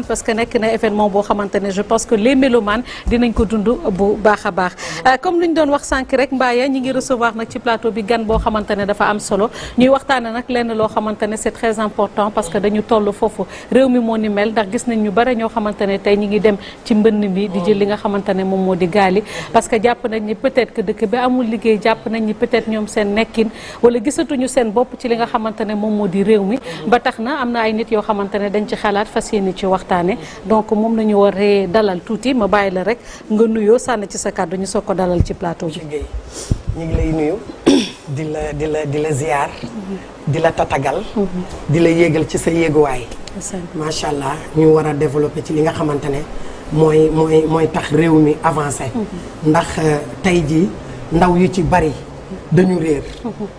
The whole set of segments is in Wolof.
parce que nekk na événement boo xamante ne je pense que les mélomanes dinañ ko dund bu baax a baax euh, comme lu ñu doon wax sànq rek mbaaya ñi ngi recevoir nag ci plateau bi gan boo xamante ne dafa am solo ñuy waxtaane nag lenn loo xamante ne c'est très important parce que dañu toll foofu réew mi moo ni mel ndax gis nañ ñu bare ñoo xamante ne tey ñi ngi dem ci mbënn bi di jël li nga xamante ne moom moo di gaali parce que jàpp nañ ni peut-être que dëkk bi amul liggéey jàpp nañ ni peut-être ñoom seen seen bopp ci li nga xamante ne moom moo di réew tax na am na ay nit xamante ne dañ ci xalaat fas yéene ci wax waxtaane donc moom la ñu war a dalal tuuti ma bàyyi la rek nga nuyoo sànn ci sa kàddu ñu soog ko dalal ci plateau bi. ñu ngi lay nuyu. di la di la di la ziar. Mm-hmm. di la tatagal. Mm-hmm. di la yéegal ci sa yéeguwaay. macha allah ñu war a développer ci li nga xamante ne mooy mooy mooy tax réew mi avancé. Mm-hmm. ndax euh, tey jii ndaw yu ci bari dañu réer.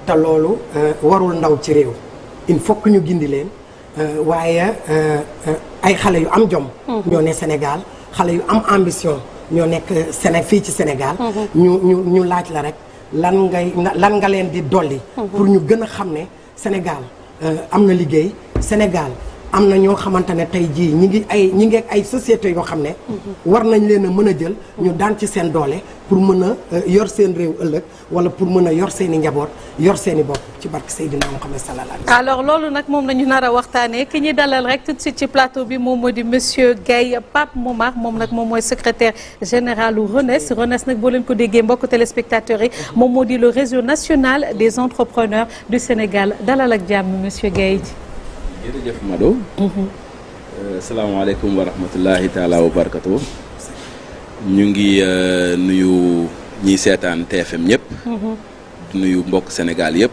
te loolu euh, warul ndaw ci réew. il faut que ñu gindi leen euh, waaye. ay xale yu am jom. Mm-hmm. ñoo ne Sénégal xale yu am ambition ñoo nekk Séné fii ci Sénégal. Mm-hmm. ñu ñu ñu laaj la rek lan ngay lan nga leen di dolli. Mm-hmm. pour ñu gën a xam ne Sénégal euh, am na liggéey Sénégal. am na ñoo xamante ne tey jii ñi ngi ay ñi ngi ay société yoo xam ne. war nañ leen a mën a jël. ñu daan ci seen doole pour mën a euh, yor seen réew ëllëg wala pour mën a yor seen i njaboot yor seeni bopp ci barke Seydina Muhammad sallallahu alayhi alors loolu nag moom la ñu nar a waxtaanee ki ñuy dalal rek tout de ci plateau bi moom moo di monsieur Gaye Pape Momar moom nag moom mooy secretaire général u RENES RENES nag boo leen ko déggee mbokk téléspectateurs y moom moo di le réseau national des entrepreneurs du Sénégal dalal ak jàmm monsieur Gaye ji jërëjëf Mado mhm. euh, asalaamaaleykum wa rahmatullahi taala wa ñu ngi euh, nuyu ñi seetaan TFM ñëpp. di mm-hmm. nuyu mbokk Sénégal yëpp.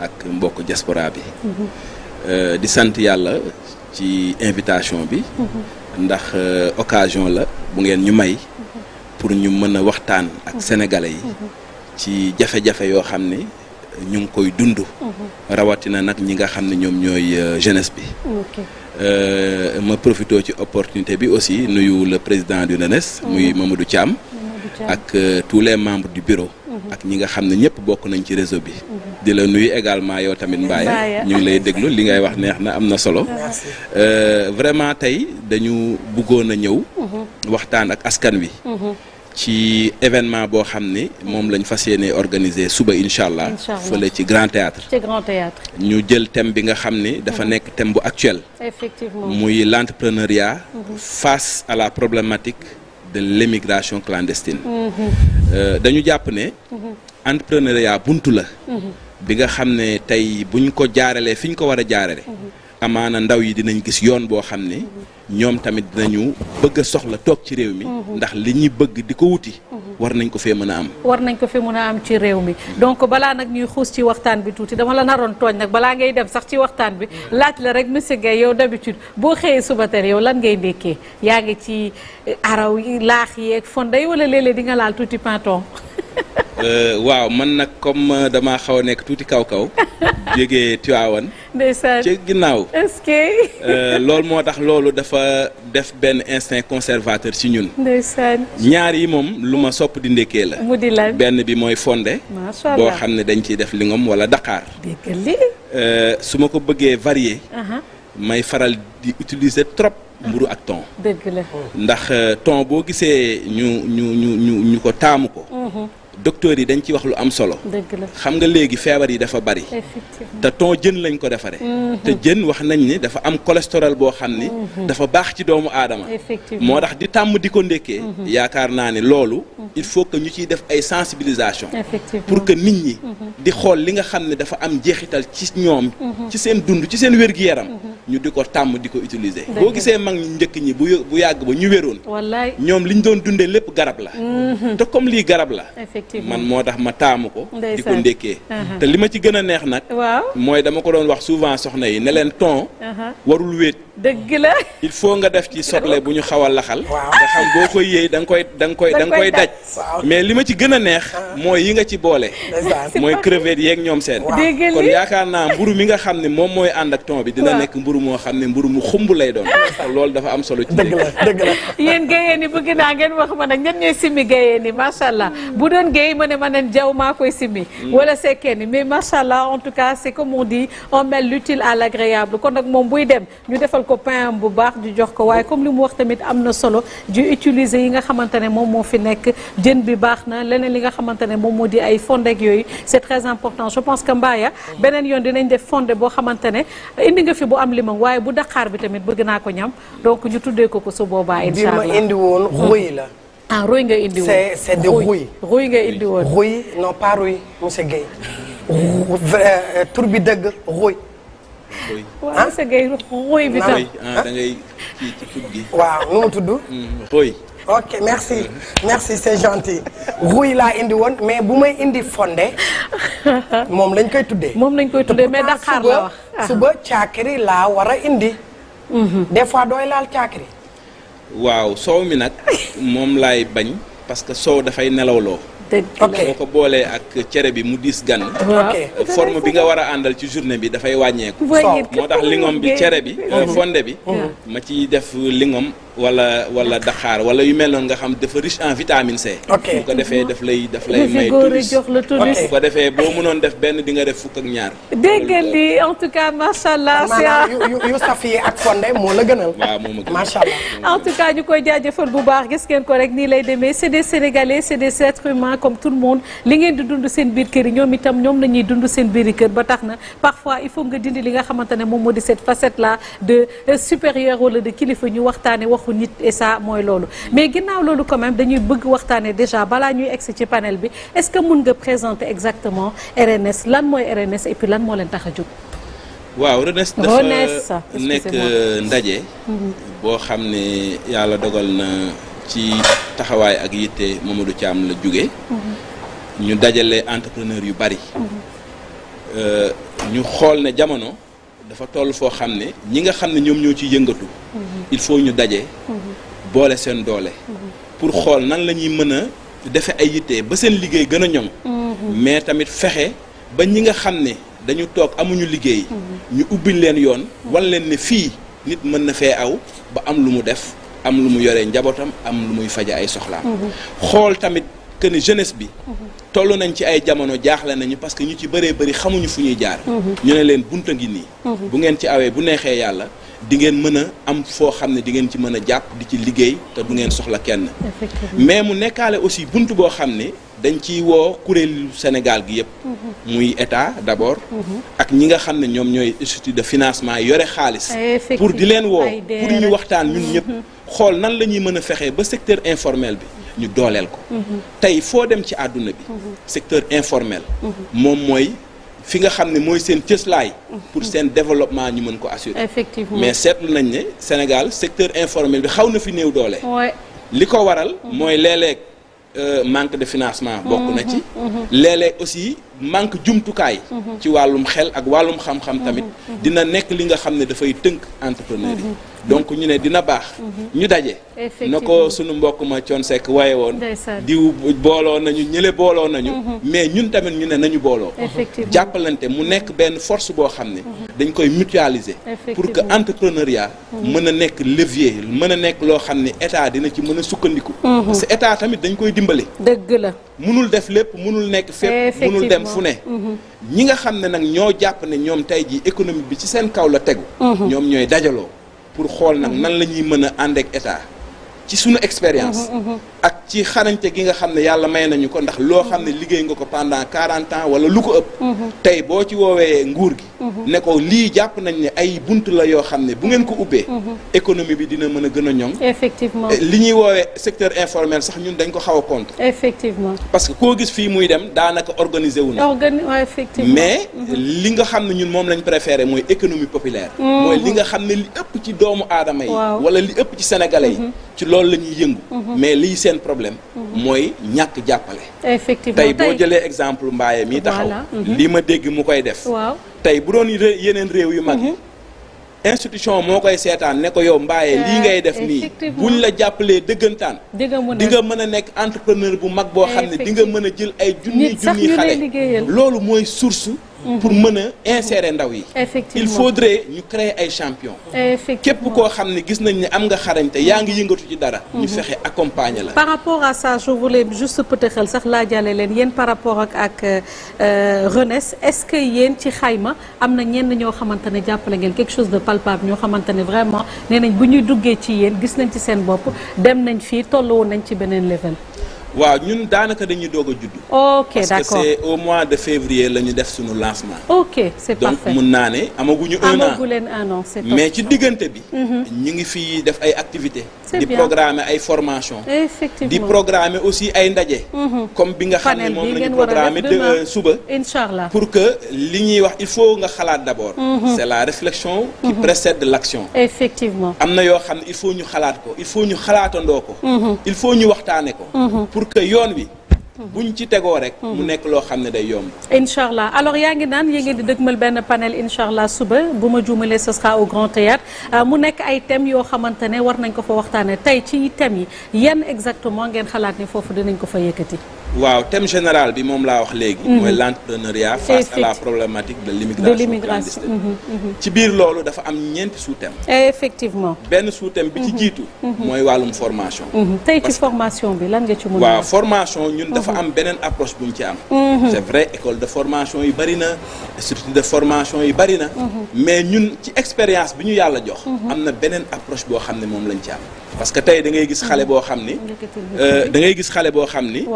ak mbokk diaspora bi. Mm-hmm. Euh, di sant yàlla ci invitation bi. Mm-hmm. ndax euh, occasion la bu ngeen ñu may. pour ñu mën a waxtaan ak sénégalais yi. ci jafe-jafe yoo xam ni ñu ngi koy dund. rawatina nag ñi nga xam ne ñoom ñooy jeunesse bi. Euh, ma profité ci opportunité bi aussi nuyu la président du NENES mhm. muy Mamadou Thiam ak euh, tous les membres du bureau mhm. ak ñi nga xam ne ñëpp bokk nañ ci réseau bi mhm. di la nuyu également yow tamit Mbaye ñu ngi lay déglu li ngay wax neex na am na solo euh, vraiment tey dañu bëggoon a ñëw waxtaan ak askan wi ci événement boo xam ne moom lañ fas yéene organiser suba incha allah fële ci grand théâtre ñu jël thème bi nga xam ne dafa mhm. nekk thème bu actuel muy l' entrepreneuriat mhm. face à la problématique de l' émigration clandestine mhm. euh, dañu jàpp ne entrepreneuriat buntu la bi nga xam ne tey buñ ko jaaralee fi ñu ko war a jaarale amaana ndaw yi dinañ gis yoon boo xam ne ñoom tamit dinañu bëgg a soxla toog ci réew mi mhm. ndax li ñuy bëgg di ko wuti mhm. war nañ ko fee mën a am war nañ ko fee mën a am ci réew mi mhm. donc balaa nag ñuy xuus ci waxtaan bi tuuti dama la naroon tooñ nag balaa ngay dem sax ci waxtaan bi laaj la rek monsieur Guèye yow d'habitude boo xëyee suba teel yow lan ngay ndékkee yaa ngi ci araw yi laax yeeg fonday wala léeg-léeg di nga laal tuuti panton Euh, waaw man nag comme euh, damaa xaw a nekk tuuti kaw-kaw jógee Tiwaawan ndeysaan ci ginnaaw est euh, loolu moo tax loolu dafa def benn instinct conservateur ci ñun ñaar yi moom lu ma sopp di ndekkee la benn bi mooy fonde boo xam ne dañ ciy def lingom wala daqaar su ma ko bëggee varier may faral di utiliser trop mburu ak thon ndax thon boo gisee ñu ñu ñu ñu ñu ko taamu ko mhm. docteur yi dañ ci wax lu am solo. xam nga léegi feebar yi dafa bari. te ton jën lañ ko defaree. Mm-hmm. te jën wax nañ ni dafa am cholestérol boo xam ni. Mm-hmm. dafa baax ci doomu aadama. moo tax di tàmm di ko ndékkee. Mm-hmm. yaakaar naa ne loolu. il faut que ñu ciy def ay sensibilisation. pour que nit ñi. di xool li nga xam ne dafa am jeexital ci ñoom. ci seen dund ci seen wér-gu-yaram. ñu di ko tàmm di ko utiliser. boo gisee mag ñi njëkk ñi bu bu yàgg ba ñu wéroon. ñoom li ñu doon dundee lépp garab la. garab la. man moo tax ma taamu ko di ko ndékkee te li ma ci gën a neex nag waaw mooy dama ko doon wax souvent soxna yi ne ton warul wéet dëgg la il faut nga def ci soble bu ñu xaw a laxal nga xam boo koy yëy da nga koy da nga da nga daj mais li ma ci gën a neex mooy yi nga ci boole mooy crevettes yeeg ñoom seen kon yaakaar naa mburu mi nga xam ne moom mooy ànd ak ton bi dina nekk mburu moo xam ne mburu mu xumb lay doon ah. loolu dafa am solo ci dëgg la dëgg la yéen géyeen yi bëgg naa ngeen wax ma nag duggee ma ne ma nen jaww maa koy simmi hmm. wala c'est kenn mais macha allah en tout cas c'est comme on dit on mêle l'utile kon nag moom buy dem ñu defal ko pain bu baax di jox ko waaye comme li mu wax tamit am na solo di utiliser yi nga xamante ne moom moo fi nekk jën bi baax na leneen li nga xamante ne moom moo di ay fonde ak yooyu c'est très important je pense que mbaaya beneen yoon dinañ def fonde boo xamante ne indi nga fi bu am limam waaye bu daqaar bi tamit bëgg naa ko ñam donc ñu tuddee ko ko su boobaa indi woon xuy la ah ruy nga indi woon c'est c'est de ruy. ruy nga indi woon ruy non pas ruy monsieur Guèye. Euh, euh, tur bi dëgg ruy. ah monsieur waaw nu mu mm, ruy. ok merci merci c'est gentil ruy laa indi woon mais bu may indi fonde moom lañ koy tuddee. moom lañ koy tuddee mais Dakar la wax ah. laa war indi. Mhm. des fois dooy laal caakiri. waaw soow mi nag moom laay bañ parce que soow dafay nelawloo. loo ko boolee ak cere bi mu diis gan. Euh, forme bi nga war a àndal ci journée bi dafay wàññeeku. moo tax lingom bi cere bi. Euh, fonde bi. ma ciy def lingom wala wala daxaar wala yu mel noonu nga xam dafa riche en vitamine C. bu ko defee daf lay daf lay may tonus bu ko defee boo mënoon def benn di nga def fukk ak ñaar. dégg li en tout cas macha allah. ak fonde moo la gënal. waaw moo ma gënal macha allah. en tout cas ñu koy jaajëfal bu baax gis ngeen ko rek nii lay demee c'est des sénégalais c'est des êtres humains comme tout le monde li ngeen di dund seen biir kër ñoom itam ñoom la ñuy dund seen biir kër ba tax na parfois il faut nga dindi li nga xamante ne moom moo di cette facette là de wala de kilifa ñu waxtaanee wax waxu nit et ça mooy loolu mais ginnaaw loolu quand dañuy bëgg waxtaanee déjà balaa ñuy egsi ci panel bi est-ce que mun nga présenter exactement RNS lan mooy RNS et puis lan moo leen tax a jóg waaw RNS dafa nekk ndaje mm-hmm. boo xam ne yàlla dogal na ci taxawaay ak yitte moom ci am la jóge mm-hmm. ñu dajale entrepreneur yu bari mm-hmm. euh, ñu xool ne jamono dafa toll foo xam ne ñi nga xam ne ñoom ñoo ci yëngatu il faut ñu daje boole seen doole pour xool nan la ñuy mën a defe ay yitte ba seen liggéey gën a ñoŋ mais tamit fexe ba ñi nga xam ne dañu toog amuñu liggéey ñu ubbil leen yoon wan leen ne fii nit mën na fee aw ba am lu mu def am lu mu yoree njabootam am lu muy faje ay soxlaam mhm. xool tamit que ne jeunesse bi. toll nañ ci ay jamono jaaxle nañu parce que ñu ci bëree bëri xamuñu fu ñuy jaar. Mhm. ñu ne leen bunt bunta ngi nii. Mhm. bu ngeen ci awee bu neexee yàlla di ngeen mën a am foo xam ne di ngeen ci mën a jàpp di ci liggéey te du ngeen soxla kenn. mais mu nekkaale aussi bunt boo xam ne dañ ciy woo kuréelu Sénégal gi yëpp. Mhm. muy état d' abord. ak ñi nga xam ne ñoom ñooy institut de financement yore xaalis. pour di leen woo pour ñu waxtaan ñun ñëpp. xool nan la ñuy mën a fexee ba secteur informel bi ñu dooleel ko mhm. tey foo dem ci àdduna bi mhm. secteur informel mhm. moom mooy fi nga xam ne mooy seen cëslaay pour seen développement ñu mën ko assurer effectivement mais seetlu nañ ne Sénégal secteur informel bi xaw na fi néew doole li ko waral mooy léeg euh, manque de financement bokk na ci léeg aussi manque jumtukaay. Mhm. ci wàllum xel ak wàllum xam-xam mhm. tamit. Mhm. dina nekk li nga xam ne dafay tënk entrepreneur yi. donc ñu ne dina baax. ñu daje. na ko sunu mbokk ma coon sekk waaye woon. diw booloo nañu ñële booloo nañu. mais ñun tamit ñu ne nañu booloo. jàppalante mu nekk benn force boo xam ne. dañ koy mutualiser. pour que entrepreneuriat. mën a nekk levier mën a nekk loo xam ne état dina ci mën a sukkandiku. parce que état tamit dañ koy dimbale. dëgg la munul def lépp leen fu ne ñi nga xam ne nag ñoo jàpp ne ñoom tey jii économie bi ci seen kaw la tegu mhm. ñoom ñooy dajaloo pour xool nag nan la ñuy mën a ànd ak état ci suñu expérience. Mhm, mhm. ak ci xarañte gi nga xam ne yàlla may nañu ko ndax loo xam ne mhm. liggéey nga ko pendant quarante ans wala lu ko ëpp. tey boo ci woowee nguur gi. ne ko lii jàpp nañ ne ay bunt la yoo xam ne bu ngeen ko ubbee. économie bi dina mën a gën a ñoŋ. effectivement eh, li ñuy woowee secteur informel sax ñun dañ ko xaw a contre. effectivement parce que koo gis fii muy dem daanaka organiser wu na. effectivement mais li nga xam ne ñun moom lañ préféré mooy économie populaire. mooy li nga xam ne li ëpp ci doomu aadama yi. wala li ëpp ci sénégalais yi. loolu la ñuy yëngu. Mhm. mais lii seen problème. Mhm. mooy ñàkk jàppale. effectivement tey boo jëlee exemple mbaaye mi taxaw. Mhm. li ma dégg mu koy def. waaw tey bu doon yeneen réew yu mag yi. institution moo koy seetaan ne ko yow mbaaye euh, lii ngay def nii buñ la jàppalee dëggantaan di nga mën a nekk entrepreneur bu mag boo xam ne di nga mën a jël ay junni junni xale loolu mooy source pour mën a insérer ndaw yi. il faudrait ñu créer ay champion képp koo xam ne gis nañ ne am nga xarañte yaa ngi yëngatu ci dara. ñu mhm. fexe accompagner la. par rapport à ça je voulais juste pëtëxal sax laa laajaale leen yéen par rapport ak ak euh, RNES est-ce que yéen ci xayma am na ñenn ñoo xamante ne jàppale ngeen quelque chose de palpable ñoo xamante ne vraiment nee nañ bu ñuy duggee ci yéen gis nañ ci seen bopp dem nañ fii tollu woon nañ ci beneen level. waaw ñun daanaka dañuy doog a judd. ok d'accord parce que c'est au mois de février la ñu def suñu lancement. donc mun naa ne amaguñu un en amagu mais ci diggante bi. Mhm. ñu ngi fi def ay activité di programme ay formations. effectivement di programmer aussi ay ndaje. Mhm. comme bi nga xam ne moom la ñu programmer de euh, suba. inchallah pour que li ñuy wax il faut nga xalaat d'abord. Mhm. c'est la réflexion. qui précède l'action. effectivement am na yoo xam ne il faut ñu xalaat ko il faut ñu xalaatandoo ko. il faut ñu waxtaane ko. pour que yoon wi. buñ ci tegoo rek. mu hmm. nekk loo xam ne day yomb. incha allah alors yaa ngi naan yéen di di mal benn panel incha allah suba bu ma juumalee ce sera au Grand Théâtre euh, mu nekk ay thèmes yoo xamante ne war nañ ko fa waxtaanee tey ci thèmes yi yenn exactement ngeen xalaat ni foofu dinañ ko fa yëkkati. waaw thème général bi moom laa wax léegi. Mhm. mooy l'entrepreneuriat face à la problématique de l'immigration clandestine mhm, mhm. ci biir loolu dafa am ñeenti sous-thème. benn sous bi ci jiitu. mooy wàllum formation. tey ci formation bi lan nga ci mën waaw formation ñun dafa am beneen approche buñ ci am. c'est vrai école de formation yi bari na institut de formation yi bari na. mais ñun ci expérience bi ñu yàlla jox. am na beneen approche boo xam ne moom lañ ci am. parce que tey da ngay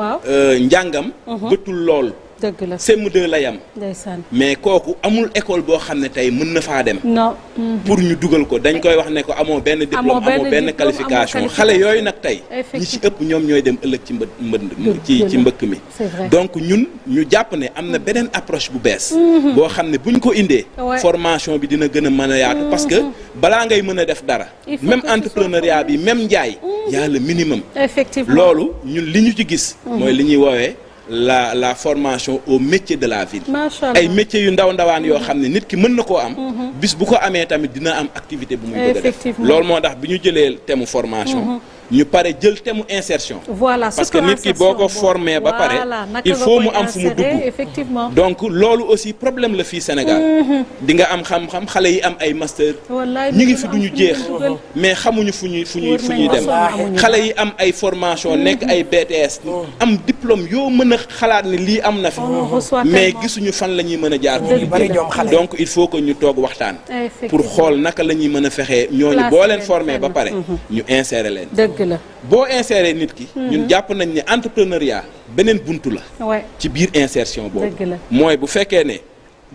njàngam mhm. bëtul lool dëgg la CM2 la yam. ndeysaan mais kooku amul école boo xam ne tey mën na faa dem. non. Mhm. pour ñu dugal ko dañ koy wax ne ko amoo benn diplôme amoo benn qualification xale yooyu nag tey. ñi ci ëpp ñoom ñooy dem ëllëg ci mbë mbënd ci ci mbëkk mi. donc ñun ñu jàpp ne am na beneen approche bu bees. Mhm. boo xam ne bu ñu ko indee. formation bi dina gën a mën a yaatu. parce que mhm. balaa ngay mën a def dara. même entrepreneuriat bi même njaay. y a le minimum. loolu ñun li ñu ci gis. mooy li ñuy woowee. la la formation au métier de la ville. ay métiers yu ndaw ndawaan yoo xam ne nit ki mën na koo am. Mhm. bis bu ko amee tamit dina am activité bu muy bëgg a def. loolu moo tax bi ñu jëlee thème formation. Mhm. ñu pare jël te mu insertion. voilà parce que nit ki boo ko formé ba pare. il faut mu am fu mu dugg effectivement donc loolu aussi problème la fii Sénégal. Mhm. di nga am xam-xam xale yi am ay master. ñu ngi fi duñu jeex. mais xamuñu fu ñuy fu ñuy fu ñuy dem. xale yi am ay formation mhm. nekk ay BTS. Oh. am diplôme yoo mën a xalaat ni lii am na fi. mais gisuñu fan la ñuy mën a jaar. donc il faut que ñu toog waxtaan. pour xool naka la ñuy mën a fexee ñooñu boo leen formé ba pare ñu insérer dëgg boo insérer nit ki. Mhm. ñun jàpp nañ ne entrepreneuriat beneen bunt la. ci biir insertion boobu. dëgg la mooy bu fekkee ne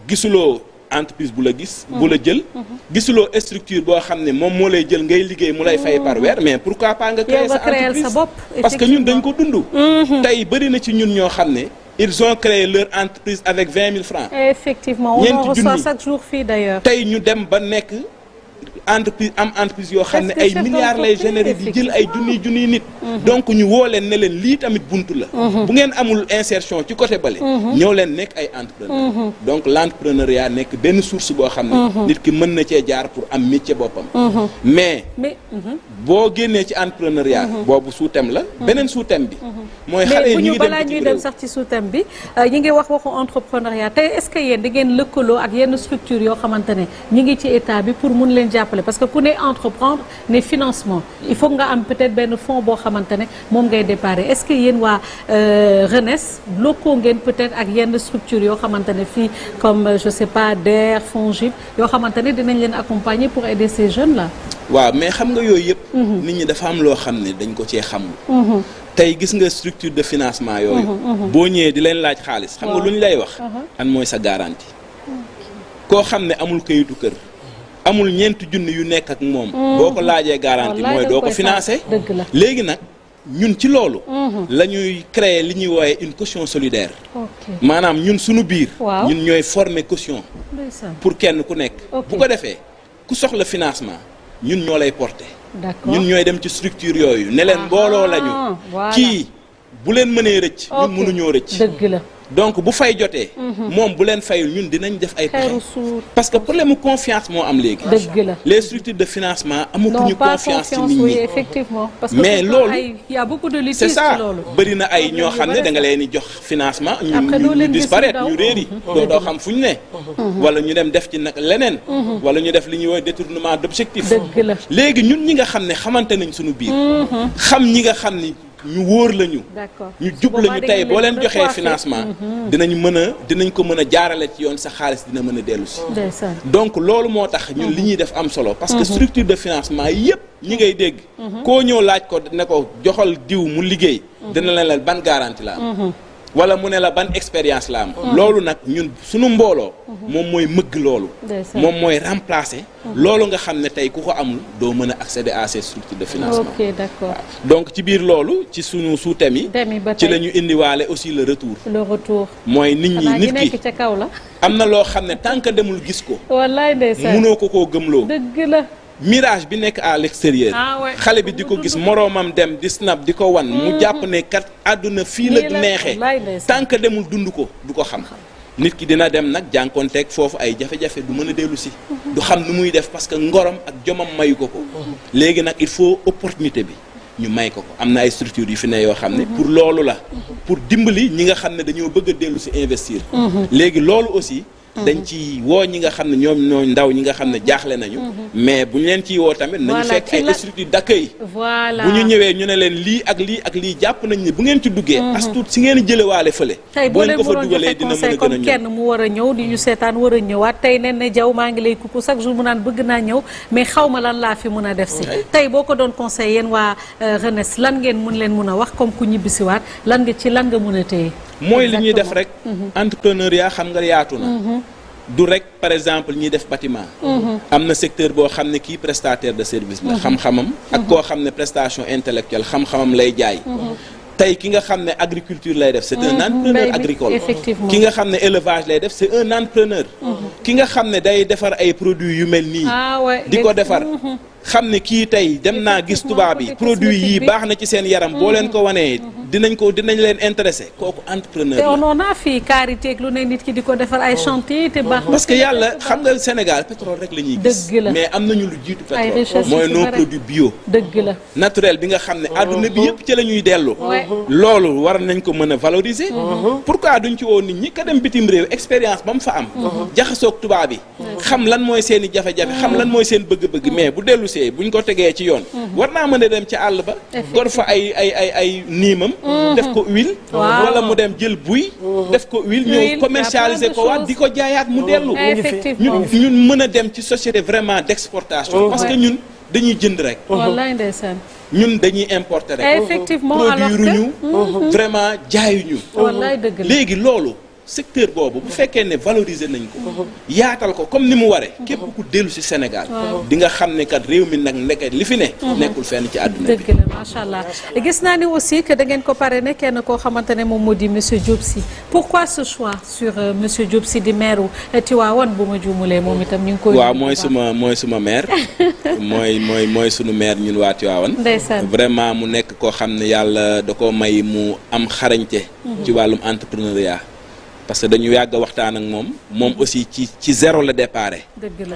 gisuloo entreprise bu la gis. Mhm. bu la jël. Mhm. gisuloo structure boo xam ne moom moo lay jël ngay liggéey mu lay fay par weer mais pourquoi pas nga. créer sa entreprise parce que ñun dañ ko dund. tey bëri na ci ñun ñoo xam ne. ils ont créé leur entreprise avec vingt mille francs. effectivement on en fii d'ailleurs. tey ñu dem ba nekk. entreprise am entreprise yoo xam ne ay milliards lay générer di jël ay junniy junniy nit donc ñu woo leen ne leen lii tamit buntu la mhm. bu ngeen amul insertion ci côté bale mhm. ñëw leen nekk ay entrepreneur mhm. donc l' entrepreneuriat nekk benn source boo xam ne nit ki mën na cee jaar pour am métier boppam mais boo génnee ci entrepreneuriat boobu sous-thème la beneen sous-thème bi mooy xale ñu ngi ñuy dem sax ci sous bi euh, ñi ngi wax waxu entrepreneuriat tey est-ce que yoo xamante ne ñi ngi jàppale parce que ku ne entreprendre ne financement il faut nga am peut-être benn fonds boo xamante ne moom ngay déparé est-ce que yéen waa euh, RENES lëkkoo ngeen peut-être ak yenn structure yoo xamante ne fii comme euh, je sais pas DER FONGIP yoo xamante ne dinañ leen accompagner pour aider ces jeunes la waaw mais xam nga yooyu yëpp mhm. nit ñi dafa am loo xam ne dañ ko cee xamul mhm. tey gis nga structure de financement yooyu mhm, boo ñëwee di leen laaj xaalis xam nga lu ñu lay wax uh-huh. an mooy sa garantie koo xam ne amul kayitu kër amul ñeenti junn yu nekk ak moom. Mm. boo ko laajee garanti mooy doo ko financé. dëgg la léegi nag ñun ci loolu. Mm-hmm. la ñuy créer li ñuy wooye une caution solidaire. maanaam ñun suñu biir. ñun ñooy former caution. pour kenn ku nekk. bu ko defee ku soxla financement ñun ñoo lay porter. ñun ñooy dem ci structure yooyu ne leen mbooloo lañu. kii bu leen mënee rëcc. ñun mënuñoo rëcc. dëgg donc bu fay jotee. Mhm. moom bu leen fay ñun dinañ def ay pexe. parce que problème mu confiance moo am léegi. dëgg la les structures de financement amatuñu confiance ci nit ñi effectivement parce que mais loolu c'est ça bëri na ay ñoo xam ne da nga leen di jox financement. ñu ñu disparaître ñu réer yi. doo doo xam fu ñu ne. Mhm. Mhm. wala ñu dem def ci nag leneen. wala ñu def li ñuy woowee détournement d'objectif. dëgg la léegi ñun ñi nga xam ne xamante nañ suñu biir. xam ñi nga xam ni. ñu wóor la ñu. ñu jub la ñu tey boo leen joxee financement. Mm-hmm. dinañ mën a dinañ ko mën a jaarale ci yoon sa xaalis dina mën a dellu si. donc loolu moo tax ñun li ñuy def am solo. parce que mm-hmm. structure de financement yëpp ñi ngay dégg. Mm-hmm. koo ñëw laaj ko ne ko joxal diw mu liggéey. dina leen ban garantie la am. wala mu ne la ban expérience la am loolu nag ñun suñu mbooloo moom mooy mëgg loolu moom mooy remplacer loolu nga xam ne tey ku ko amul doo mën a accéder à ces structures de financement donc ci biir loolu ci suñu sous-thème yi ci la ñu indiwaale aussi le retour le mooy nit ñi nit ki ca kaw la am na loo xam ne tant que demul gis ko wallaay mënoo ko koo gëm dëgg mirage bi nekk à l'extérieur ah xale bi di ko gis moroomam dem di snap di ko wan mu jàpp ne kat àdduna fii la neexee tant que demul dund ko du ko xam nit ki dina dem nag jànkonteeg foofu ay jafe-jafe du mën a dellu si du xam nu muy def parce que ngorom ak jomam mayu ko ko léegi nag il faut opportunité bi ñu may ko ko am na ay structures yu fi ne yoo xam ne pour loolu la pour dimbali ñi nga xam ne dañoo bëgg a dellu si investir mhm. léegi loolu aussi Mm-hmm. dañ ci woo ñi nga xam ne ñoom ñoo ndaw ñi nga xam ne jaaxle nañu mm-hmm. mais bu ñu leen ci woo tamit nañu fekk ay structure d'accueil bu ñu ñëwee ñu ne leen lii ak lii ak lii jàpp nañ ne bu ngeen ci duggee mm-hmm. as tuut si ngeen jëlewaale fële bu ngeen ko fa dugalee dina mën a gën a kenn mu war a ñëw di ñu seetaan war a tey nen ne jaw maa ngi lay kuku chaque jour mu naan bëgg naa ñëw mais xaw ma laa fi mun a def si tey boo ko doon conseil yéen waa euh, RNES lan ngeen mun leen mun a wax comme ku ñibbisiwaat lan nga ci lan nga mun a téye mooy li ñuy def rek entrepreneuriat xam nga yaatu na du rek par exemple ñiy def batiment mm-hmm. am na secteur boo xam ne kii prestataire de service la mm-hmm. xam-xamam ak mm-hmm. koo xam ne prestation intellectuelle xam-xamam lay jaay tey ki nga xam ne agriculture lay def c'est un entrepreneur agricole ki nga xam ne élevage lay def c'est un preneur ki nga xam ne day defar ay produits yu mel nii ah, di ko defar xam ne kii tey dem naa gis tubaab yi produits yi baax na ci seen yaram boo leen ko wanee dinañ ko dinañ leen intéressé kooku entrepreneur la. a fii karité ak lu ne nit ki di ko defar ay oh. chantier te baax parce que yàlla xam nga Sénégal pétrole rek la ñuy gis. mais am nañu lu jiitu pétrole. mooy nos produits bio. dëgg la naturel bi nga xam ne oh. adduna bi yëpp ci la ñuy dellu. loolu war nañ ko mën a valoriser. Mm-hmm. Mm-hmm. pourquoi duñ ci woo nit ñi ka dem bitim réew expérience ba mu fa am. Mm-hmm. jaxasoog tubaab bi. xam lan mooy seen i jafe-jafe. xam lan mooy seen bëgg-bëgg mais bu dellu see buñ ko tegee ci yoon. war naa mën a dem ci àll ba. gor fa ay ay ay ay niimam Mm-hmm. def ko huile. wala mu dem jël buy. Mm-hmm. def ko huile ñëw commercialiser ko waat di ko jaayaat mu dellu. Mm-hmm. effectivement ñun ñun mën a dem ci société vraiment d'exportation. parce que ñun dañuy jënd rek. wallaay ndeysaan. ñun dañuy importer rek. effectivement alors que produire ñu. vraiment jaayuñu. wallaay dëgg la léegi loolu. secteur boobu bu fekkee ne valoriser nañ ko yaatal ko comme ni mu waree képp ku dellu si Sénégal di nga xam ne kat réew mi nag nekk li fi ne mhm. nekkul fenn ci àdduna bi dëgg la gis naa ni aussi que da ngeen ko pare ne kenn koo xamante ne moom moo di monsieur Diop Sy pourquoi ce choix sur euh, monsieur Diop Sy di maire euh, Tivaouane bu ma juumulee moom itam ñu ngi koy waaw mooy suma mooy suma maire mooy mooy mooy sunu maire ñun waa Tivaouane ndeysaan vraiment mu nekk koo xam ne yàlla da ko may mu am xarañte mhm. ci wàllum entrepreneuriat parce que dañu yàgg waxtaan ak moom moom aussi ci ci zéro la départ. dëgg la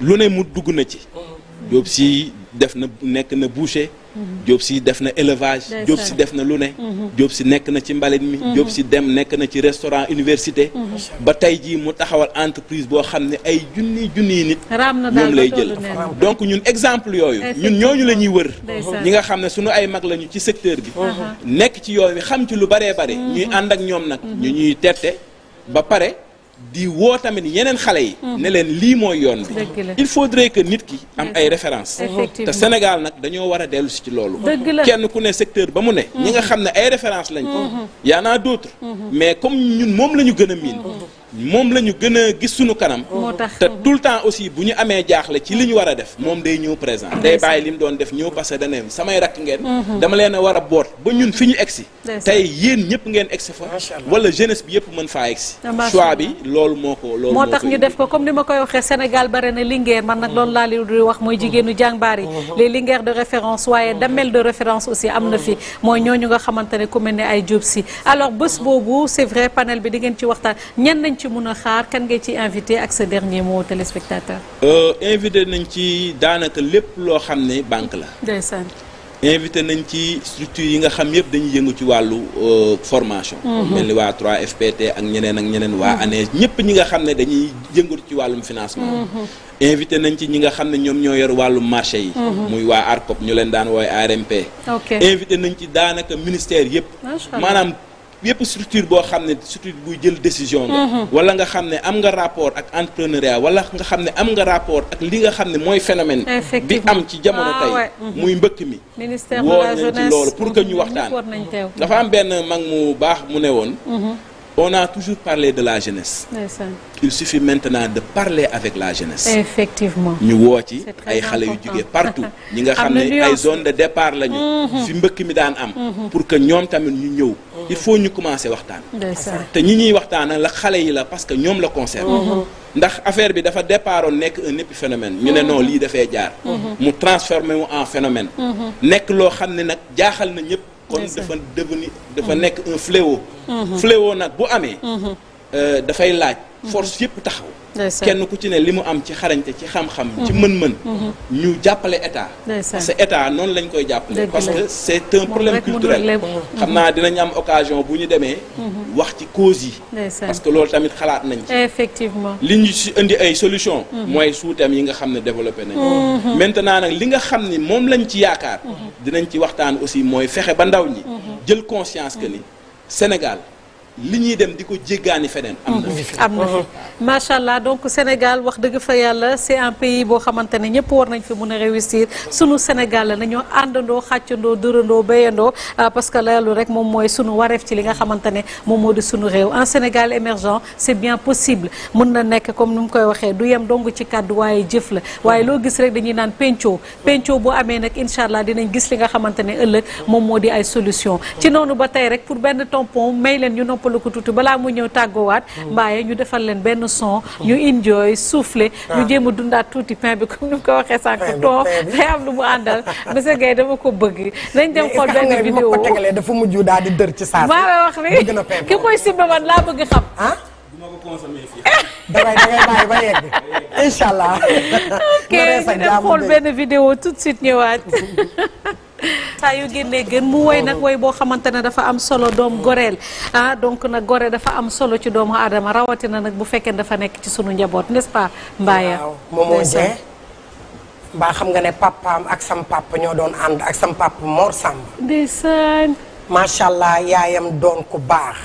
lu ne mu dugg na ci. Mm. Diop def na nekk na boucher. Mm-hmm. Diop si def na élevage Diop si def na lu ne mm-hmm. Diop si nekk na ci mbalit mi mm-hmm. Diop si dem nekk na ci restaurant université ba tey jii mu taxawal entreprise boo xam ne ay junni junni nit ñoom lay jël donc ñun exemple yooyu ñun ñooñu la ñuy wër ñi nga xam ne suñu ay mag lañu ci secteur bi uh-huh. nekk ci yooyu xam ci lu baree bare ñuy ànd ak ñoom nag ñu ñuy tette ba pare di woo tamit yeneen xale yi. Mhm. ne leen lii mooy yoon bi. il faudrait que nit ki am ay références. te Sénégal nag dañoo war a dellu si ci loolu. kenn ku ne secteur ba mu ne. Mhm. ñi nga xam ne ay références lañ ko. Mhm. y en mais comme ñun moom la ñu gën a miin. moom la ñu gis suñu kanam. te tout aussi bu ñu amee jaaxle ci li ñu war def. moom day ñëw présent day bàyyi li doon def ñëw parce que dana samay rakk ngeen. Mhm. dama leen a boot ba ñun fi ñu egsi. tey yéen ñëpp ngeen egsi fa. wala jeunesse bi de référence aussi am na fi mooy ñooñu nga xamante ku mel ne ay Diop alors bés boobu c'est vrai panel bi di ci waxtaan ci mun a xaar kan nga ci invité ak sa dernier mot téléspectateur. Euh, invité nañ ci daanaka lépp loo xam ne banque la. ndeysaan. invité nañ ci structure yi nga xam yëpp dañuy yëngu ci wàllu euh, formation. Mhm. mel ni waa 3FPT ak ñeneen ak ñeneen waa mhm. ANEJ ñëpp ñi nga xam ne dañuy yëngu ci wàllum financement. Mhm. invité nañ ci ñi nga xam ne ñoom ñoo yor wàllu marché yi. muy waa ARCOP ñu leen daan wooy ARMP. invité nañ ci daanaka ministère yëpp. maanaam. yëpp structure boo xam ne structure buy jël décision nga mhm. wala nga xam ne am nga rapport ak entrepreneuriat wala nga xam ne am nga rapport ak li nga xam ne mooy phénomène bi am ci jamono ah, tey muy mhm. mbëkk mi ministère de la jeunesse woo nañ ci loolu pour que ñu waxtaan dafa am benn mag mu baax mu ne woon mhm. on a toujours parlé de la jeunesse. il suffit maintenant de parler avec la jeunesse. effectivement ñu woo ci ay xale yu jigéen partout. ñi nga xam ne ay zone de départ lañu. Mhm. fi mbëkk mi daan am. Mhm. pour que ñoom tamit ñu ñëw. Mhm. il faut ñu commencer waxtaan. te ñi ñuy waxtaan la xale yi la parce que ñoom la concerne. ndax affaire bi dafa départoon nekk un épiphénomène ñu ne non lii dafay jaar. mu transformé wu en phénomène. nekk loo xam ne nag jaaxal na ñëpp. kon dafa devenir dafa mm-hmm. nekk un fléau. Mm-hmm. fléau nag bu amee. Mm-hmm. Euh, dafay laaj. force yëpp taxaw kenn ku ci ne li mu am ci xarañte ci xam-xam ci mm-hmm. mën-mën mm-hmm. ñu jàppale état parce que état noonu lañ koy jàppale parce que c'est un problème culturel mm-hmm. xam naa dinañ am occasion bu ñu demee wax ci cause yi parce que loolu tamit xalaat nañ ci effectivement li ñu si indi ay solution mooy suutam yi nga xam ne développé nañ maintenant nag li nga xam ni moom lañ ci yaakaar dinañ ci waxtaan aussi mooy fexe ba ndaw ñi jël conscience que ni Sénégal li ñuy dem di ko jéggaani feneen. am na fi am allah donc Sénégal wax dëgg fa yàlla c'est un pays boo xamante ne ñëpp war nañ fi mun a réussir sunu Sénégal la nañoo àndandoo xàccandoo dërandoo béyandoo ah, parce que loolu rek moom mooy sunu wareef ci li nga xamante ne moom moo di sunu réew un Sénégal émergent c'est bien possible mun na nekk comme ni mu koy waxee du yem dong ci kàddu waaye jëf la waaye loo gis rek dañuy naan penco penco boo amee nag incha allah dinañ gis li nga xamante ne ëllëg moom moo di ay solution noppalu ko tuuti balaa mu ñëw tàggoowaat mbaaye mm. ñu defal leen benn son mm. ñu enjoy soufflé ah. ñu jéem a dundaat tuuti pain bi comme ni mu ko waxee sànq ton day am lu mu àndal monsieur Guèye dama ko bëgg nañ dem xool benn vidéo ko tegalee daal di dër ci saa maa wax ni ki koy simba man laa bëgg xam ah dangay dangay bàyyi ba yegg incha allah ok ñu dem xool benn vidéo tout suite ñëwaat saa yu génnee gën mu woy nag woy boo xamante ne dafa am solo doom goreel ah donc nag gore dafa am solo ci doomu aadama rawatina nag bu fekkee dafa nekk ci sunu njaboot n'est-ce pas mbaaya Momo Dieng mbaa xam nga ne papaam ak sam ñoo doon ànd ak sam papa Mor Samb ndeysaan macha allah yaayam doon ku baax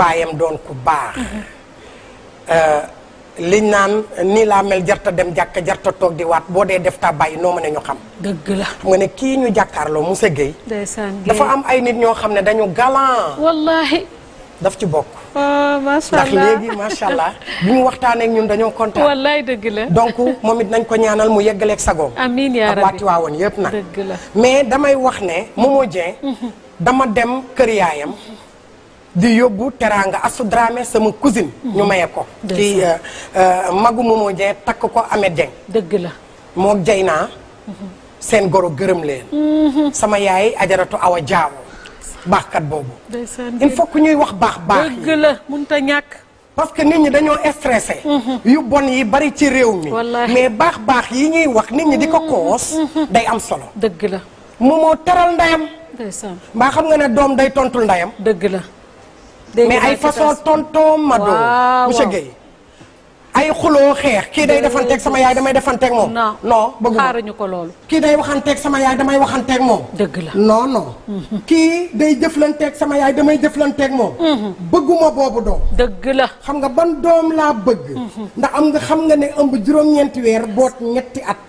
dëgg doon ku baax mm-hmm. euh, liñ naan nii laa mel jarta dem jàkka jarta toog di waat boo dee def ta bàyyi noo mën a ñu xam. dëgg la xam nga ne kii ñu jàkkaarloo mu Guèye. dafa am ay nit ñoo xam ne dañu galant. wallaahi. daf ci bokk. Ah, macha allah ndax léegi macha allah. bi mu waxtaanee ñun dañoo kontaan. wallaay dëgg la. donc moom it nañ ko ñaanal mu yeggaleek sagoom. amiin yaa rabbi ak yëpp nag. dëgg la mais damay wax ne. Momo Dieng. Mhm. dama dem kër yaayam. di yóbbu teraanga Assou drame sama cousine. Hmm. ñu maye ko. ci euh, euh, magu moo Dieng takk ko amee Dieng. dëgg la moo moog naa hmm. seen goro gërëm leen. Hmm. sama yaay ajaratu Awa Diaw baaxkat boobu. il faut ñuy wax baax baax yi ñàkk. parce que nit ñi dañoo stressé. yi bari ci réew mi. mais baax baax yi ñuy wax nit ñi di ko koos. day am solo. dëgg la Momo teral ndeyam. mbaa xam nga ne doom day tontul ndeyam. dëgg la. mais ay façon tonton Mado. waaw monsieur Guèye ay xuloo xeex kii day defanteeg sama yaay damay defanteeg moom. non non bëgguma xaaruñu ko loolu. kii day waxanteeg sama yaay damay waxanteeg moom. dëgg la non mhm. kii day jëflanteeg sama yaay damay jëflanteeg moom. Mhm. bëgguma boobu doom. dëgg la xam nga ban doom laa bëgg. Mhm. ndax am nga xam nga ne ëmb juróom-ñeenti weer boot ñetti at.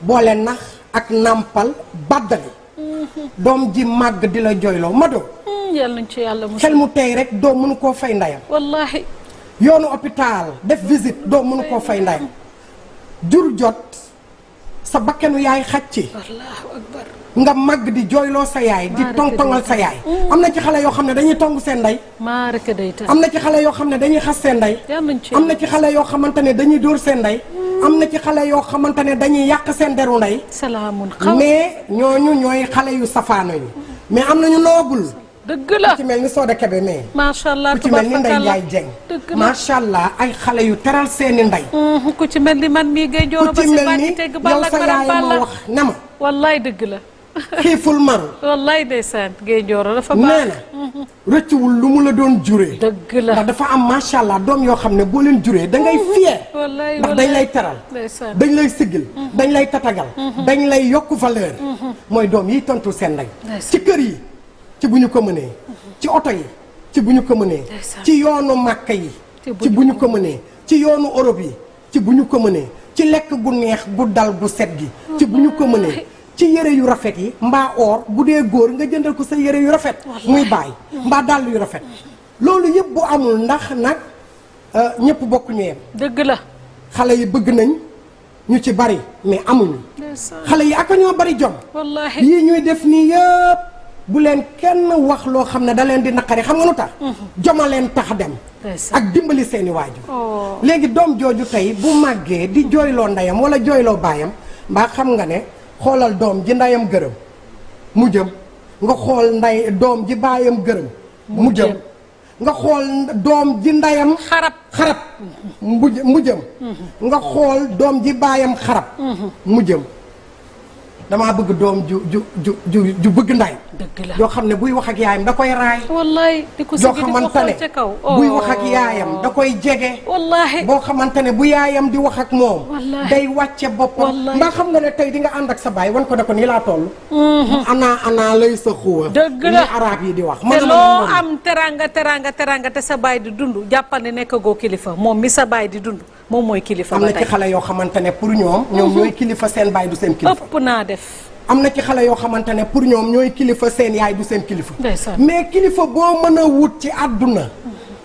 boole nax ak nàmpal bàddali. doom ji màgg di la jooyloo Mado. Hmm, yàlla nañ ci yàlla xel mu tey rek doo mënu koo fay ndayam. wallaahi. yoonu hôpital def visit doo mënu koo fay ndayam. jur jot sa bakkanu yaay xaj ci. nga màgg di jooyloo sa yaay di tongtongal sa yaay am na ci xale yoo xam ne dañuy tong seen ndey am na ci xale yoo xam ne dañuy xas seen ndey am na ci xale yoo xamante ne dañuy dóor seen ndey mm. am na ci xale yoo xamante ne dañuy yàq seen deru ndey mais ñu ñooy xale yu safaana yu mais am nañu noobul dëgg la ku ci mel ni Soda Kebe mais macha allah ku ci mel ni Ndeye Ndiaye macha allah ay xale yu teral seeni ndey mm-hmm, ku ci mel ni man mii gay joor ba si bànni tegg balla ku ci mel ni yow sa wax ne ma wallaay dëgg la xiiful maru. wallaay ndeysaan géej jooro dafa baax nee na. rëccuwul lu mu la doon jure dëgg la ndax dafa am macha allah doom yoo xam ne boo leen juree da ngay fier. wallaay ndax dañ lay teral. dañ lay siggil dañ lay tatagal. Mhm. dañ lay yokk valeur. Mhm. mooy doom yiy tontu seen ndey. ci kër yi ci bu ñu ko mënee. Mhm. ci oto yi ci bu ñu ko mënee. ci yoonu màkka yi. ci bu ñu ko mënee ci yoonu Europe yi ci bu ñu ko mënee. ci lekk gu neex gu dal gu set gi. ci bu ñu ko mënee. ci yére yu rafet yi mbaa or bu dee góor nga jënd ko sa yére yu rafet muy baay mbaa dàll yu rafet loolu yëpp bu amul ndax nag euh, ñëpp bokk ñu yem dëgg la xale yi bëgg nañ ñu ci bari mais amuñu xale yi ak ñoo bari jom wallaahi yii ñuy def nii yëpp bu leen kenn wax loo xam ne da leen di naqari xam nga lu tax mhm. joma leen tax dem ak dimbali seeni waajur oh. léegi doom jooju tey bu màggee di jooyloo ndeyam wala jooyloo baayam mbaa xam nga ne xoolal doom ji ndayam gërëm mu jëm nga xool nday doom ji baayam gërëm mu jëm nga xool doom ji ndayam xarab xarab mu jëm mm-hmm. nga xool doom ji baayam xarab mm-hmm. mu jëm damaa bëgg doom ju ju ju ju bëgg nday dëgg la yoo xam ne buy wax ak yaayam da koy raay. wallaay di ko sigi di ca kaw buy oh. wax ak yaayam da koy jege. wallaahi boo xamante ne bu yaayam di wax ak moom. day wàcce boppam. mbaa xam nga ne tey di nga ànd ak sa baay wan ko ne ko nii laa toll. Mhm. ana ana lay sa xuwa. dëgg la yi di wax. mën te loo am teranga teraanga teraanga te sa baay di dund jàppal ne nekk goo kilifa moom mi sa baay di dund. moom mooy kilifa ba tey am na ci xale yoo xamante ne pour ñoom. ñoom mhm. ñooy kilifa seen baay du seen kilifa. ëpp naa def. am na ci xale yoo xamante ne pour ñoom ñooy kilifa seen yaay du seen kilifa. mais kilifa boo mën a wut ci àdduna.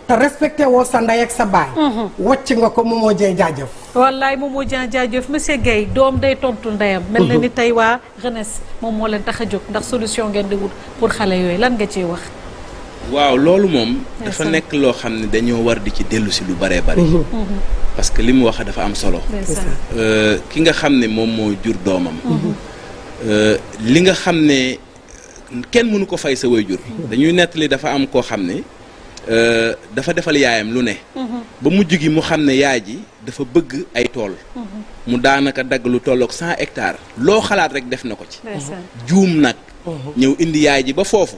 te respecté woo sa ndey ak sa baay. Mhm. wàcc nga ko Momo Dieng jaajëf. wallaay Momo Dieng jaajëf monsieur Guèye doom day tontu ndeyam. mel na mhm. ni tey waa RNES moom moo leen tax a jóg ndax solution ngeen di wut pour xale yooyu lan nga ciy wax. waaw loolu moom. dafa nekk loo xam ne dañoo war di ci dellu si lu bëree bëri. Mhm. parce que li mu wax dafa am solo. Euh, ki nga xam ne moom moo jur doomam. Mhm. Euh, li nga xam ne kenn mënu ko fay sa way jur. dañuy nettali dafa am koo xam ne euh, dafa defal yaayam lu ne. Mhm. ba mujj gi mu xam ne yaay ji dafa bëgg ay tool. mu daanaka dagg lu tolloog cent hectares. loo xalaat rek def na ko ci. juum nag. ñëw indi yaay ji ba foofu.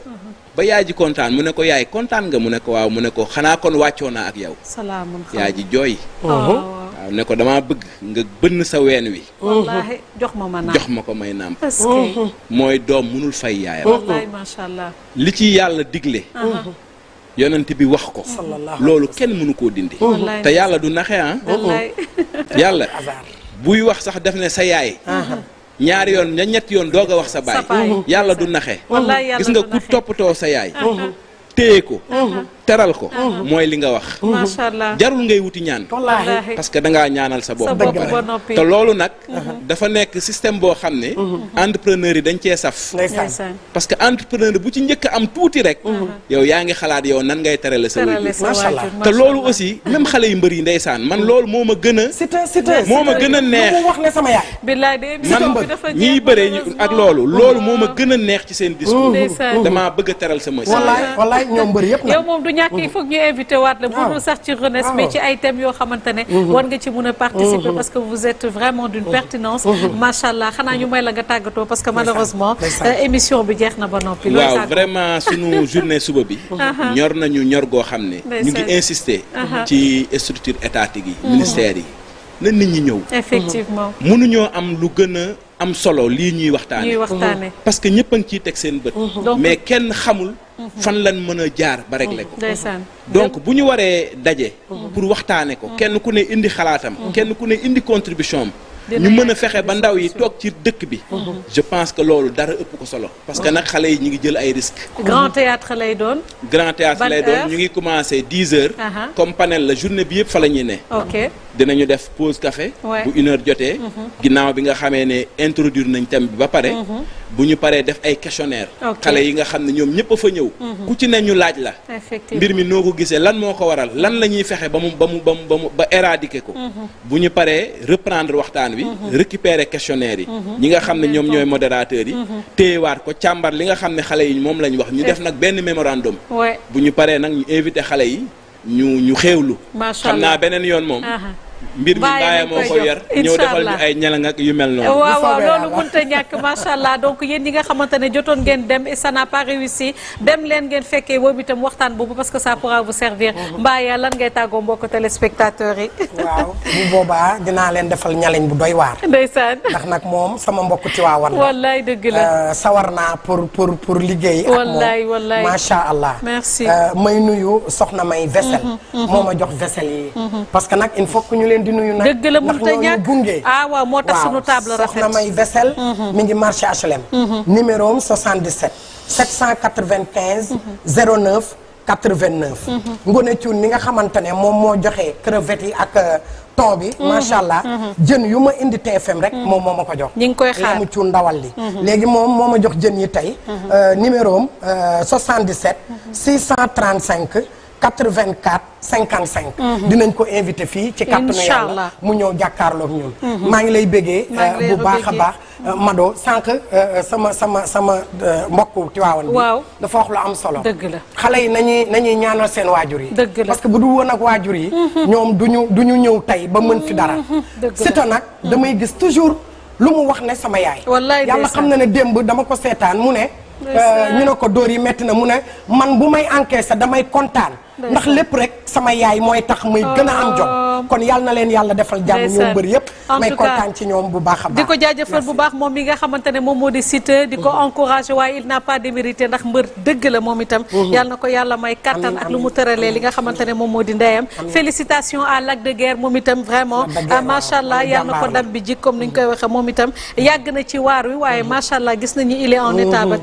ba yaay ji kontaan mu ne ko yaay kontaan nga mu ne ko waaw mu ne ko xanaa kon wàccoo naa ak yow. salaamun yaay ji jooy. waaw uh-huh. ne ko damaa bëgg nga bënn sa ween wi. jox ma ma jox ma ko may naam. Uh-huh. mooy doom mënul fay yaay wallaahi uh-huh. macha li ci yàlla digle. yonent bi wax ko. loolu kenn mënu koo dindi. te yàlla du naxe ah. yàlla buy wax sax def ne sa yaay. ñaari yoon ña ñetti yoon doog a wax sa baay yàlla du naxe gis nga ku toppatoo sa yaay téye ko teral ko ah. mhm. mooy li nga wax mhm. macha allah jarul ngay wuti ñaan parce que da ñaanal sa bopp ba pare te loolu nag mhm. dafa nekk système boo xam ne entrepreneur yi dañ cee saf parce que entrepreneur bu ci njëkk am tuuti rek yow yaa ngi xalaat yow nan ngay terale sa waajur te loolu aussi même xale yu mbër yi ndeysaan man loolu moo ma gën a moo ma gën a neex wax ne sama yaay man ñiy bëree ñu ak loolu loolu moo ma gën a neex ci seen discours damaa bëgg a teral sama ñàkk il faut ñu invité waat la. waaw pour sax ci Renesse mais ci ay yoo xamante ne. ci mën a participer parce que vous êtes vraiment d'une pertinence. macha allah xanaa ñu may la nga tàggatoo parce que malheureusement. Euh, émission bi jeex na ba noppi. loolu sunu journée suba bi. Uh-huh. Uh-huh. ñor nañu ñor goo xam ne. ñu ngi insister. Uh-huh. ci structure étatique yi. ministères yi na nit ñi ñëw. effectivement mënuñoo am lu gën a. am solo lii ñuy waxtaane mhm. parce que ñëpp ngi ciy teg seen bët mhm. Mhm. mais kenn xamul fan lan mën a jaar ba régler ko donc bu ñu waree daje pour waxtaane ko kenn ku ne indi xalaatam kenn ku ne indi contribution am ñu mën a fexe ba ndaw yi toog ci dëkk bi je pense que loolu dara ëpp ko solo parce que nag xale yi ñu ngi jël ay risques grand théâtre lay doon grand théâtre lay doon ñu ngi commencé dix heures comme panel la journée bi yëpp fa la ñuy ne dinañu def pause café bu une jotee mhm. ginnaaw bi nga xamee ne introduire nañ thème bi ba pare mhm. bu ñu paree def ay questionnaire xale yi nga xam ne ñoom ñëpp fa ñëw mhm. ku ci ñu laaj la mbir mi noo ko gisee lan moo ko waral lan la ñuy fexe ba mu ba mu ba mu ba éradiquer ko bu ñu paree reprendre waxtaan wi récupérer questionnaire yi ñi nga xam ne ñoom ñooy modérateurs yi téyewaat ko càmbar li nga xam ne xale yi moom lañ wax ñu def nag benn mémorandum bu ñu paree nag ñu invité xale yi ñu ñu xéewlu xam naa beneen yoon moom mbir mi Mbaye moo ko ñëw defal ñu ay ñalang ak yu mel noonu. waaw waaw loolu mënta ñàkk macha allah donc yéen ñi nga xamante ne jotoon ngeen dem et ça n'a pas réussi dem leen ngeen fekkee boobu itam waxtaan boobu parce que ça pourra vous servir. Mbaye lan ngay tàggoo mbokk téléspectateurs yi. waaw bu boobaa dinaa leen defal ñalañ bu doy waar. ndeysaan ndax nag moom sama mbokk Tiwaawan la. wallaay dëgg la euh, sawar naa pour pour pour liggéey. ak moom wallaay wallaay macha allah. merci euh, may nuyu soxna May. vaisselle mhm, mhm. moo ma jox ngi leen di nuyu nag dëgg la mënut a ñàkk gunge ah waaw moo tax sunu table rafet soxna may Bessel mm-hmm. mi ngi marché HLM mm-hmm. numéro am 77 795 09 89 Ngone Thioune mi nga xamante ne moom moo joxe crevette yi ak euh, ton bi mm-hmm. macha allah jën yu ma indi TFM rek moom moo ma ko jox ñi ngi koy xaar mu Thioune ndawal li léegi moom moo ma jox jën yi tey euh, numéro am 77 euh, 635 quatre vingt cinquante 55. Mhm. dinañ ko invité fii ci kàttanu yàlla mu ñëw jàkkaarloog ñoom mhm. maa ngi lay béggee euh, bu baax a baax. Euh, Mado sànq euh, sama sama sama mbokku Tiwaawan bi. dafa wax lu am solo. dëgg la xale yi nañuy nañuy ñaanal seen waajur yi. dëgg parce que bu du woon ak waajur yi. Mhm. ñoom du ñu du ñu ñëw tey ba mën fi dara. dëgg nag damay gis toujours lu mu wax ne sama yaay. yàlla xam na ne démb dama ko seetaan mu ne. Euh, ñu ne ko dóor yi metti na mu ne man bu may encaissé damay kontaan ndax lépp rek sama yaay mooy tax muy gën a am jom oh. kon yal na leen yàlla defal jàmm ñoom bëri yëpp may kontaan ci ñoom bu baax a baax di ko jaajëfal bu baax moom mi nga xamante ne moom moo di Siteu di ko mhm. encouragé waaye il n'a pas démérité ndax mbër dëgg la moom itam mhm. yal na ko yàlla may kattan ak lu mu tëralee li nga xamante moom moo di ndeyam félicitations à Lac de Guiers moom itam vraiment ah, macha allah yal ko ndam bi jik comme ni ñu mhm. koy waxee moom itam yàgg na ci waar wi waaye macha allah gis nañu il est en état ba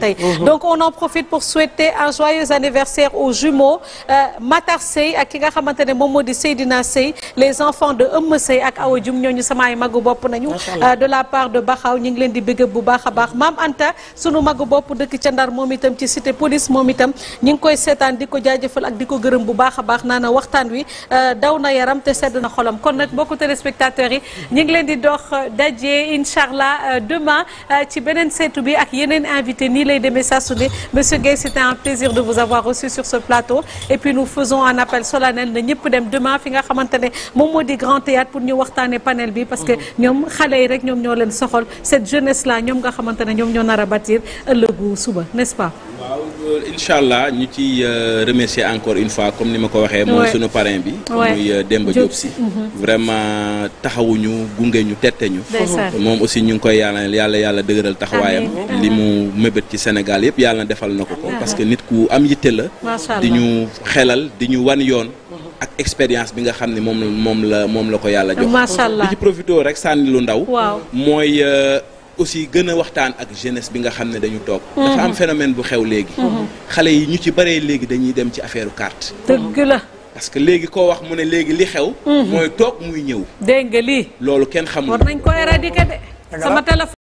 euh, ki nga xamante ne moom moo di les enfants de Eumeu Seye ak Awa Dioum ñooñu samaay magu bopp nañu euh, de la part de Baxaw ñu ngi leen di bëgg bu baax a baax mm-hmm. maam Anta sunu magu bopp dëkk ca Ndar moom itam ci cité police moom itam ñu ngi koy seetaan di ko jaajëfal ak di ko gërëm bu baax a baax naa na waxtaan wi euh, daw na yaram te sedd na xolam kon nag mbokku téléspectateurs yi ñu ngi leen di dox euh, dajee incha allah demain ci beneen seetu bi ak yeneen invité nii lay demee saa su ne monsieur Guèye c'était un plaisir de vous avoir reçu sur ce plateau dem demain fi nga xamante ne moom moo di grand théâtre pour ñu waxtaanee panel bi parce que mhm. ñoom xale yi rek ñoom ñoo leen soxal cette jeunesse là ñoom nga xamante ne ñoom ñoo nar a bâtir ëllëgu suba n'est-ce euh, allah ñu ci euh, remercier encore une fois comme ni ma ko waxee mooy sunu parrain bi muy euh, Demba Diop mhm. vraiment taxawuñu gunge ñu tette ñu moom aussi ñu ngi koy yàlla yàlla yàlla dëgëral taxawaayam li mu mébét ci Sénégal yëpp yàlla defal na ko ko parce que nit ku am yitte la di ñu xelal di ñu wan yoon ak expérience bi nga xam ne moom moom la moom la ko yàlla jox macha allah ci profité rek sànni lu ndaw mooy euh, aussi gën a waxtaan ak jeunesse bi nga xam ne dañu toog mhm. dafa am phénomène bu xew léegi mhm. xale yi ñu ci baree léegi dañuy dem ci affaire carte dëgg la parce que léegi koo wax mu ne léegi li xew mhm. mooy toog muy ñëw dégg lii loolu kenn xamul war nañ ko éradiquer de sama téléphone